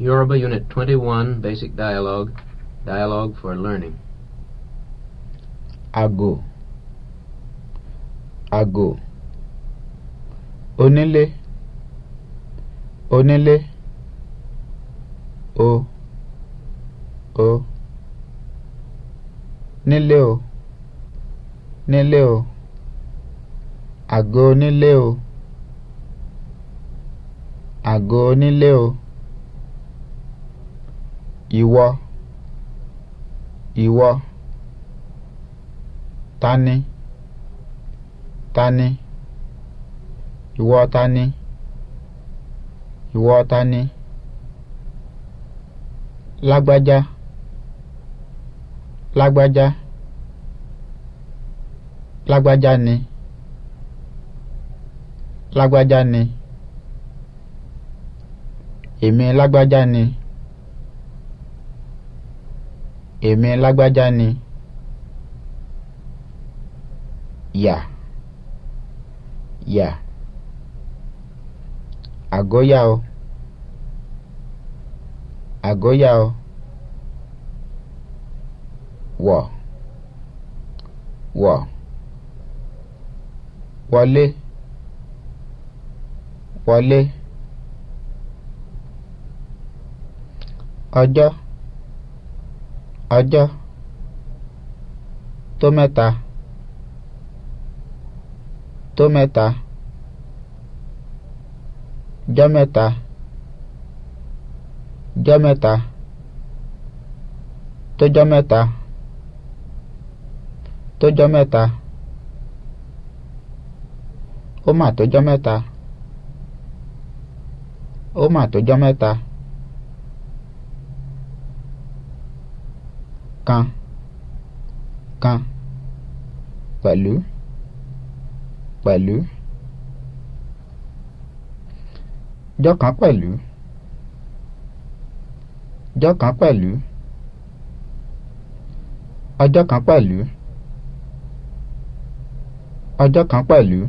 Yoruba Unit 21, Basic Dialogue, Dialogue for Learning. Ago. Ago. Onílé. Onílé. O. O. Nileo. Nileo. Nílé o. Àgọ́ Nileo. Àgọ́ Nileo. ìwọ ìwọ tani tani ìwọ tani ìwọ tani lágbájá lágbájá lágbájá ni lágbájá ni èmi lágbájá ni. èmi lágbájá ni yà yà àgọ́yà o àgọ́yà o wọ̀ wọ̀ wọlé ọjọ́. ajá tó mẹ́ta tó mẹ́ta jọ́ mẹ́ta jọ́ mẹ́ta tó jọ́ mẹ́ta tó jọ́ mẹ́ta ó mà tó jọ́ mẹ́ta ó mà tó jọ́ mẹ́ta. kan kan pẹ̀lú pẹ̀lú jọ́kan pẹ̀lú jọ́kan pẹ̀lú ọjọ́ kan pẹ̀lú ọjọ́ kan pẹ̀lú.